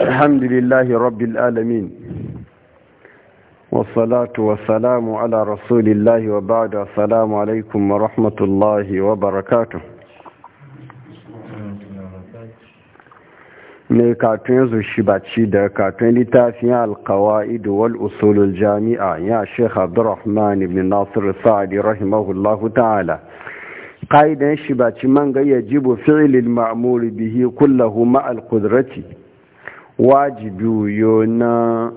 الحمد لله رب العالمين والصلاة والسلام على رسول الله وبعد السلام عليكم ورحمة الله وبركاته ne katon zushibaci da katon littafin alkawa'idu wal usulul jami'a ya sheikh abdurrahman ibn nasir sa'adi rahimahullahu ta'ala ƙa'idan shibaci man ga yajibu fi'lil ma'muri bihi kullahu ma'al qudrati wajibi uyo na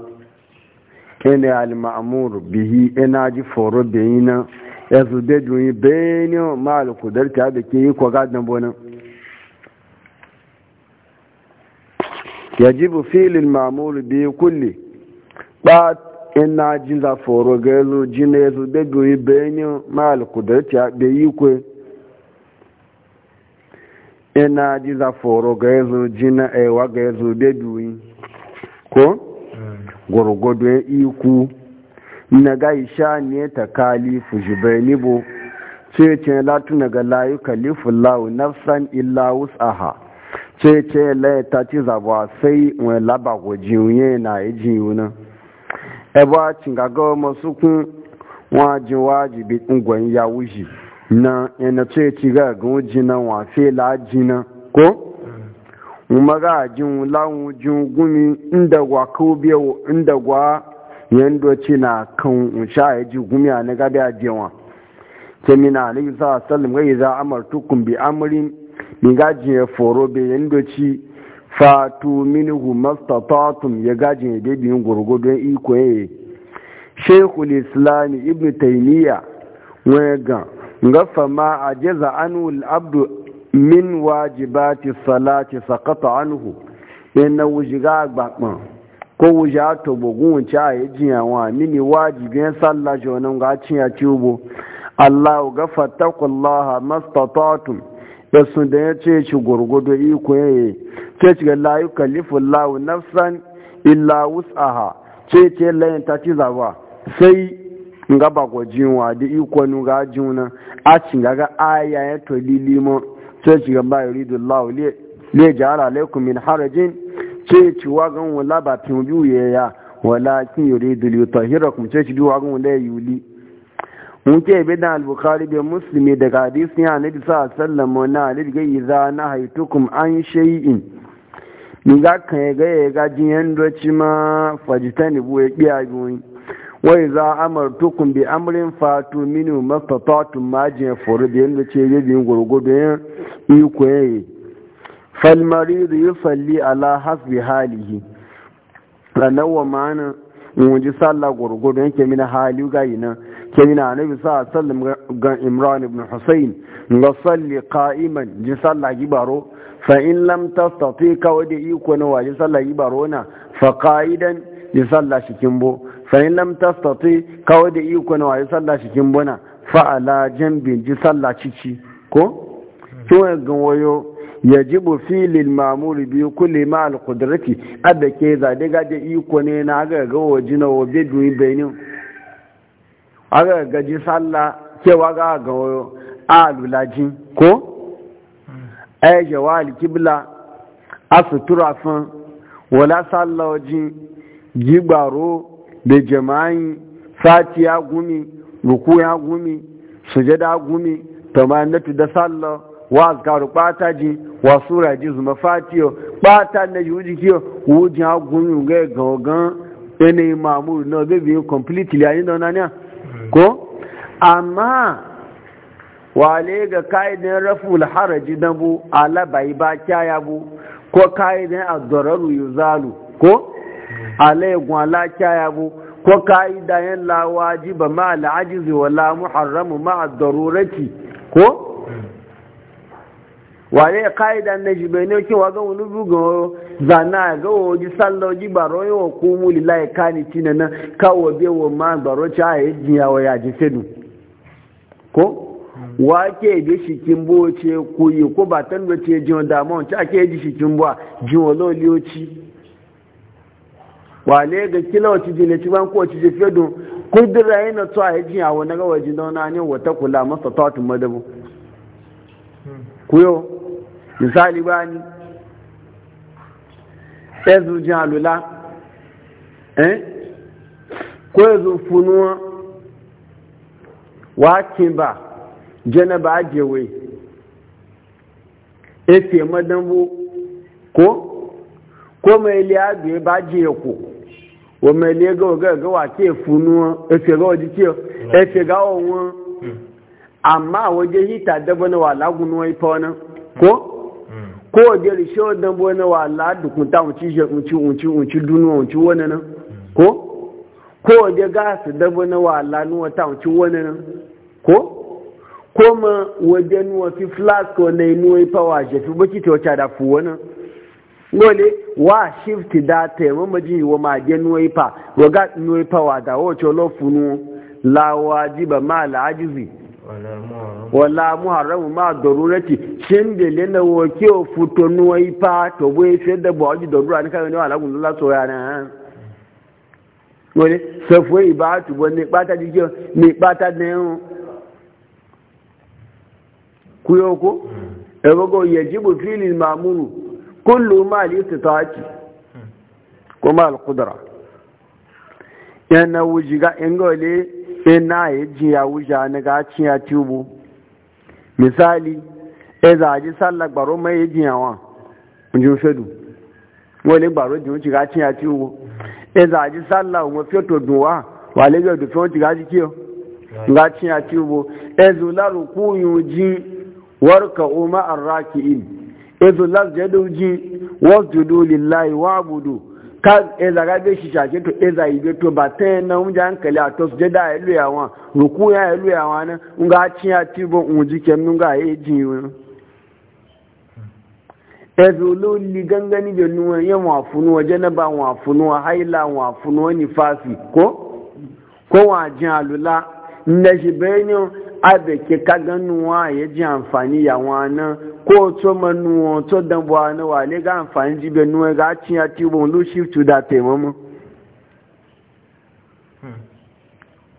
ina al-ma'mur bihi ina ji foro bayi na ya su da duni bayani ma al-kudar ta da ke yi kwa gadon bonan yajibu filin ma'mur bihi kulli ba ina ji za foro ga yazo ji na ya su da duni bayani ma al-kudar ta da yi kwa ina na za foro ga yazo jina ewa ga yazo bebiwi ko gorogodo iku na ga isha ne ta kalifu jibaini bo ce ce latuna ga layu kalifu lawu nafsan illa wus'aha ce ce laye ta ci zaba sai wani laba gwajiyoyi na yi jiyuna ebe a cin gagawa masu kun ji wajibi ngwani ya wuji na yana ce ci ga gun na wa fe la jina ko kuma ga jin lawo jin gumi inda gwa ko biyo inda gwa yando ci na kan sha ya e ji gumi a na gabe a jewa kemina alayhi sallam ga iza amartukum bi amrin ga gaji ya e foro be yando ci tu minhu mastata'tum ya gaji ya bebi gurgudun iko ye shaykhul islam ibnu taymiya wega gafa ma a jaza anu al'abdu min wajibati salati sakata anhu yana wujiga agbakpan ko wuja to bugun wuce a yi jiyawa mini wajibin sallah jonan ga a cibo allah gafa takullaha mastatatun da e sun da ya ce shi gurgudu iko yayi ce ci layu kalifin lawu nafsan illa wus'aha ce ce layin ta ci zaba sai nga bagwa di da iko nuga a cinga ga aya ya to lilimo to ci ba yuridu Allah le le jara alaikum min harajin ce ci wa gan wala ba tin ya ya walakin yuridu li yutahhirakum ce ci biyu wa gan wala yuli mun ce bi da al-bukhari muslimi daga hadisi ya nabi sallallahu alaihi wasallam na alil ga idza an shay'in ni ga kan ga ga ma fajitani bu ya biya wai za a amartukum bi amrin fatu minu mastata'tum ma jin furu da yanda ce yabi gurgudu yin iko yayi fal marid yusalli ala hasbi halihi sannan wa ma'ana mun ji sallah gurgudu yake mina hali ga yinan ke mina annabi sa sallam ga imran ibn husayn ga salli ka'iman ji sallah gibaro fa in lam tastati kawai da iko na waje sallah gibaro na fa ka'idan ji sallah shi kimbo fa'in lam tastati kawai da iko na wayi sallah cikin bana fa'ala jambin ji sallah cici ko kin ga wayo ji fi filin ma'muri biyu kulli ma al qudrati adda ke za da ga da iko ne na ga ga waji na waje duyi bayani aga ga ji sallah cewa ga ga wayo alulaji ko ay jawal kibla asutura fun wala ji jigbaro da jama'in sati ya gumi ruku ya gumi sujada gumi tamanatu da sallah wa azkaru bata ji wa sura ji zuma fatiyo bata na yuji kiyo wuji ha gumi ga gogan ene imamu na be bi completely ayin da nanya ko amma wale ga kaidin raful haraji dan bu ala bai ba kyaya bu ko kaidin adararu yuzalu ko alaigun ya yabo ko ka'ida yan lawaji ba ma al'ajizi lamu haramu ma ad-darurati ko wale ka'ida na jibe ne ke wa ga wani bugun zana ga waji sallaji ba roye wa kumu lillahi kani tina na kawo be wa ma baro cha ya jiya wa ya ji sedu ko wake da shikin bo ce kuyi ko ba tan da ce jiwa da ake ji shikin bo jiwa loliyoci wale ga kila wace jini ci ban ko wace jefe don kudura yana to a hajji a na gawa jin wani ne wata kula masa tawatin madabu kuyo misali ni? ezu jin alula eh ko ezu funuwa wakin ba jana ba ajewe efe madambo ko ko mai liya ba je ko wọ́n mẹ́ ilé gọ́gọ́gọ́ wà tí èfúnú wọn ẹ̀fẹ̀gọ́ ọdí tí ọ ẹ̀fẹ̀gá ọ̀wọ́n àmá àwọn jẹ́ hítà dẹ́gbọ́nà wà lágùnú ipọ́ náà kó kó òjò lè ṣe wà ládùkún táwọn tí ṣe ǹtí ǹtí ǹtí dúnú wọ́n náà kó kó òjò gáàsì dẹ́gbọ́nà wà lánú táwọn tí wọ́n náà kó kó mọ wọ́n jẹ́ nu fi flask ọ̀nà inú ipá wà àjẹfí bó ngole wa shifti da te mo maji wo ma je nuwe pa wo ga nuwe pa wa da wo cholo funu la wajiba ma la ajizi wala muharram ma darurati shin de le na wo o futo nuwe pa to bo se da bo ji darura ni ka ni wala gun la so ya na ngole fo iba tu bo ni di je ni kuyoko hmm. ebogo kullu ma al-istita'ati kuma al-qudra yana wujiga ingole ina yaji ya wuja na ga ciya tubu misali e za ji sallar baro mai yaji yawa mun shadu wani baro ji wuci ga ciya tubu e za ji sallar mu fito duwa wale ga du fito ga jikiyo ga ciya tubu e zularu kuyuji warka umma arraki'in ezo las jado ji wasjudu lillahi wa'budu kan eza ga be shi shake to eza ibe to ba ta na unja atos a to sujada ya lu yawa ruku ya lu yawa na nga ci ya ti bo unji kem nga e ji won ezo lo li gangani be nu ya wa funu wa janaba wa funu wa haila wa funu wa nifasi ko ko wa jin alula na shi abe ke kaganu wa ya ji amfani ya wa nan ko to manu to dan bwa na wa le ga amfani jibe nu e ga cinya ti bo lu shi tu da te mamu hmm.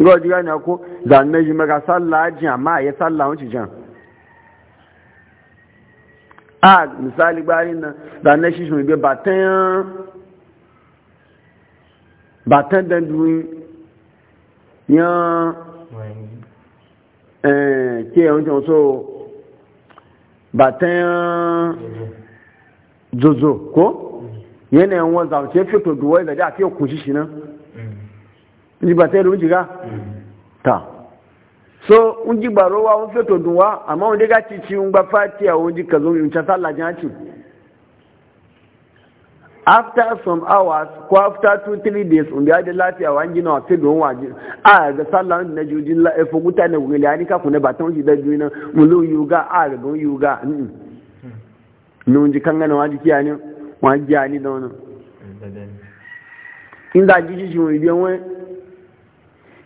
ngo diga na ko dan ne jima ga sallah ji amma ya sallah wuci jan a misali gbari na dan ne shi shi be batan batan dan duwi yan eh ke on so ba ta zozo ko yanayin wani zaunce fito duwai da ja fiye kunshi shi nan ji ba ta yi rumji ga ta so un ji ba rowa un fito duwa amma wani ga cici un ba fatiya un ji ka zo in ta sallah jihacin after some hours ko after two three days umbi ade lafiya wa ngina wa fego wa ji a ga sallah na juji la e guta na wele ani ka ku ne baton ji da juina mulu yuga a ga gon yuga nun ji gana wa ji kiyani wa ji ani da wannan inda ji ji won ibe won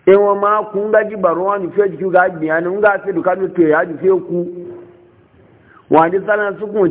e won ma ku nga ji baro wa ni fe ji ga gbian nga se du ka ni to ya ji fe ku wa ni sallah su ku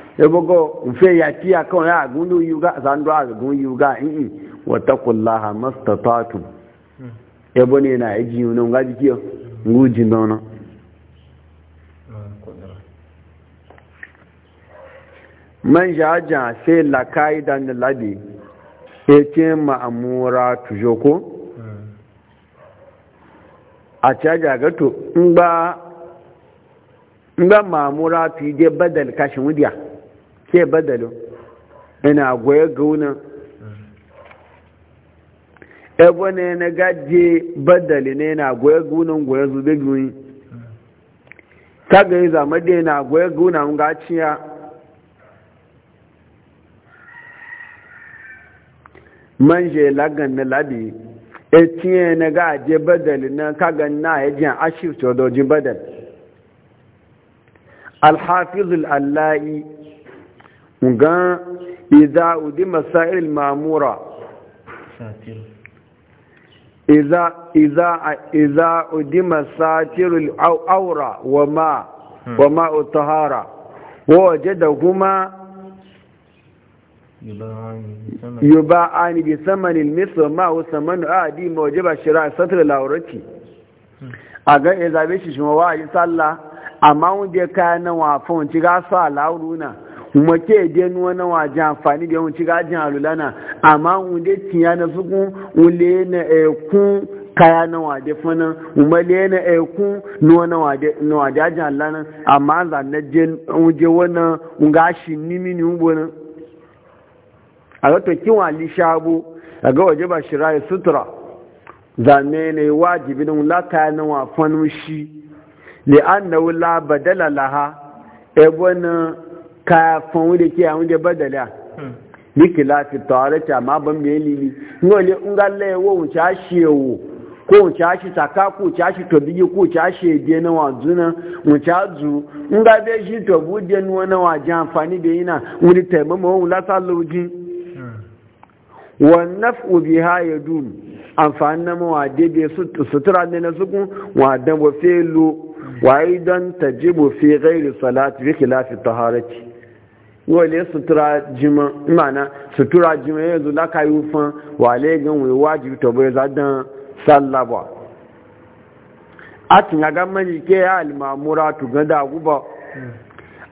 ebogo mfe ya tiya kawai ya gunu yuga zando a gun yuga in watakullaha mastatatu hmm. ebo ne na yaji yunan gaji kiyo ngujin dona man jaja sai lakai da labi ya e ce ma'amura tujoko hmm. a caja gato in ma'amura tu yi kashi badal kashin wudiya ke badalo ina goya gauna ebe ne na gaje badali ne na goya gaunan goya zube biyu ta ga yi zama da na goya gaunan gaciya man je lagan na labi etinye na gaje badali na kagan na ya e jiyan ashir to dojin badal alhafizul allahi ga iza udi masail mamura iza iza iza udi masatir al-awra wa ma hmm. wa ma at-tahara wajada kuma yuba'ani bi samanin misl ma wa saman adi mawjiba shira satr al-awrati hmm. aga iza ya shi shuma wa sallah amma wanda ya kayan nan wa fon ci ga sa lauruna kuma ke je nuwa na waje amfani da yawanci gajin alulana amma wunde tiya na suku wule na eku kaya na wade fana umale na eku nuwa na wade na wade ajin alulana amma za na je wuje wannan ngashi nimi ni ubo na a ga to kin wali a ga waje ba shirai e sutura zane yi e wajibi na wula kaya na wafanu shi li'annahu la badala laha ebona kafin wuri ke yawon da badala hmm. niki lati tare ta ma ban me lili ngole ngalle wo wuce ashewo ko wuce ashe saka ko wuce ashe to biye ko wuce ashe ede na wazuna wuce azu nga be shi to buɗe nuwa na waje amfani da yana wuri taimama wani lasa saloji hmm. wannan ubi ha ya dun amfani na mawa daidai sutura ne na suku wa dan hmm. wa felo wa idan tajibu fi ghairi salati bi khilafi taharati wale sutura jima mana sutura jima ya zula ka yi fan wale gan wai wajibi to bai za sallaba. a tun ga mani ke ya almamura tu ga da guba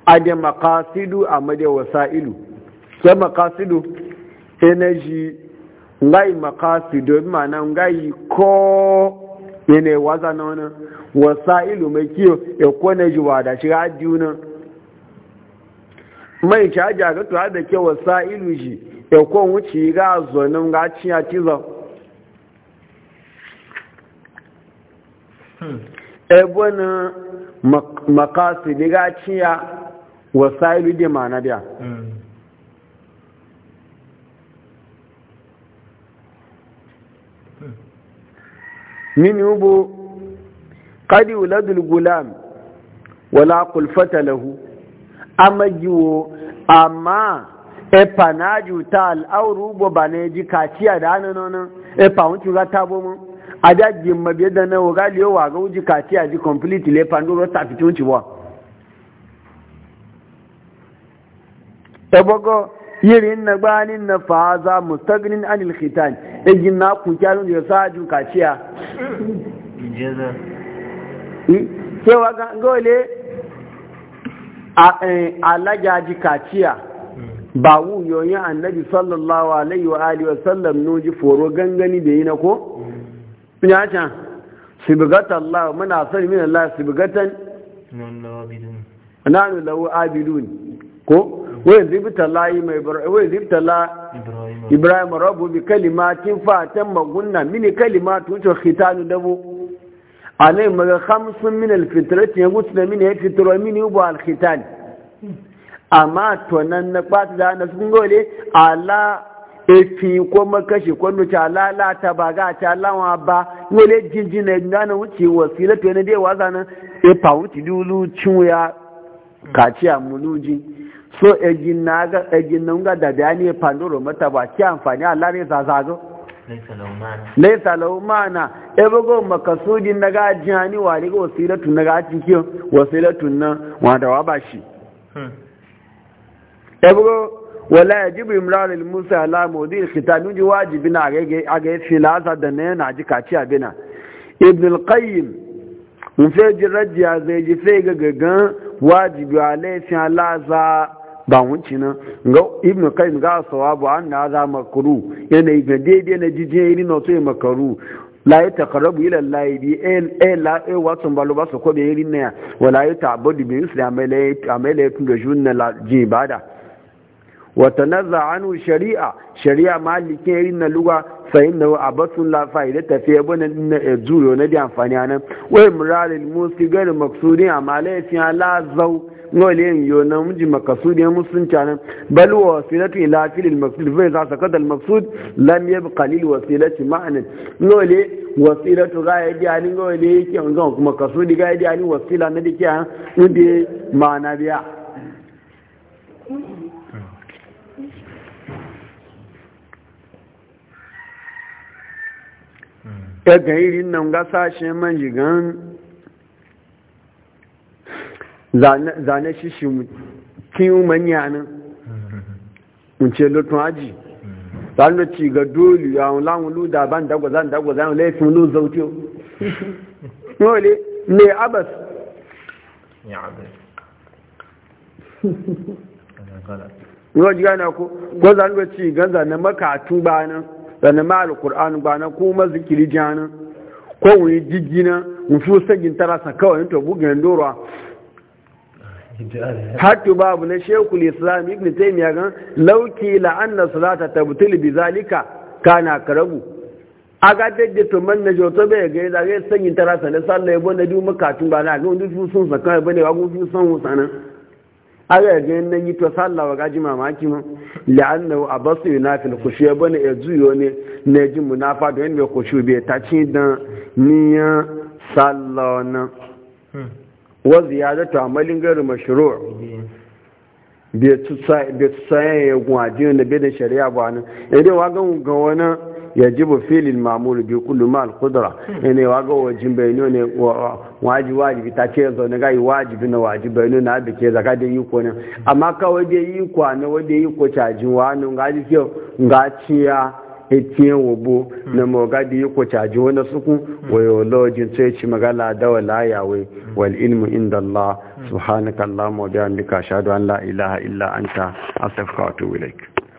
a da makasidu a wasa ilu sai makasidu energy ngai makasidu mana ngai ko yana waza na wani wasa'ilu mai kiyo ya e kone jiwa da shiga adiyu na mai caji a gatuwa da wasa ilu shi ya kwan wuce ga zonin ga cinya cizon hmm. ebonu makasi da ga cinya wasa ilu di ma na biya hmm. Hmm. mini ubu kadi wuladul gulam wala kulfata lahu amagiwo amma efa na juta al'auru bo ba na ji kaciya da hannun efa wun cuga ta mu a jimma mabiya da na waga liyo waga wuji kaciya ji complete le pandoro ta fito wuncin ba ebogo yirin na gbanin na faza mustaqnin anil khitan ejin na kukyarun da ya sa ju kaciya cewa ga ngole Eh, alajaji kaciya ba an annabi sallallahu alaihi wa alihi wa sallam noji foro gangani da yi na ko? ya can sibigatan Allah muna sani min Allah sibigatan nanu lahu abidun ko wai zibta layi mai wai zibta Allah Ibrahim rabbu bi kalimatin fatan magunna mini kalimatu to khitanu dabo alai maga hamsin min alfitrati ya gutu da mini ya fitro mini ubu alkhitani amma to na kwata da na sun gole ala efi ko makashi ko nuce ala la ta ba ga ta lawa ba wale jinjin na ina na wuce wasila to ne dai wasa nan e pa wuce dulu chuya kaciya muluji so ejin na ga ga da bayani pandoro mata ba ki amfani Allah ne zazago laisa lau ma'ana e bugo makasudin na gajin hani wa ne ga wasilatun na gajin kiyon wasilatun nan wanda wa ba shi hmm. e bugo wala ya jibu al-musa ala mawdi al-khitan ji wajibi na a ga yace da ne na ji kaci abina ibn al-qayyim mun sai ji rajiya zai ji sai ga gagan wajibi laifin alaza ba wunci nan ga ibn qayyim ga sawabu an na za makru yana ga daidai na jijin irin na to makaru la ya ila allah bi en eh, e eh, la e eh, balu ba su ko be irin na Wa ya ta'budu bi islam amale amale kun da junna la ji ibada wa tanazza hannu shari'a shari'a malike irin na luga fa'in da abatun la fa'ida tafiya bane na juro na da amfani anan wa imraril musi gar maksudin amale fi la zau ngole yin yo na muji makasudi ya musulunci nan bal wasilatu ila fil maqsud fa idza sakata al maqsud lam yabqa lil wasilati ma'na ngole wasilatu ga yadi ani ngole yake ngon kuma kasudi ga yadi ani wasila na dike ha inde ma'ana biya ga irin nan ga sashen manjigan zane shi shi kin manya nan mun ce lotun aji zanu ci ga dole ya wula wulu da ban dagwa zan dagwa zan laifin lu zautiyo nole ne abas ya abas ruwa ji gane ko ko da ci ga zane makatu ba nan zane ma alkur'an ba nan kuma zikiri janan kowai jijji nan mun fi sagin tarasa kawai to bugan dorwa hatu babu na shekul islam ibn taymiya gan lauki la anna salata tabtul bi zalika kana karabu aga dedde to man na joto be ga da ga sanyin tara sanan sallah ya bonda du makatun ba na ga wani sun ba ne ga wani sun sanan aga ga nan yi to sallah wa gaji mamaki mu anna abasu basu khushu ba ne ya juyo ne ne ji munafa da ne khushu be ta ci dan niyan sallah na hmm. wa ziyadatu amalin gairu mashru' bai tsayen ya gwaji na bai da shari'a ba nan idan wa ga filin mamuru bi kullu ma al-qudra ne wa ga na bayano ne waji ta ce zaune ga na na ke yi etiyan wobo hmm. na moga ko yiko caji wani suku hmm. wayo lojin sai ci magala da wala yawe hmm. wal ilmu inda Allah subhanaka Allahumma wa bihamdika ashhadu an la ilaha illa anta astaghfiruka wa atubu ilaik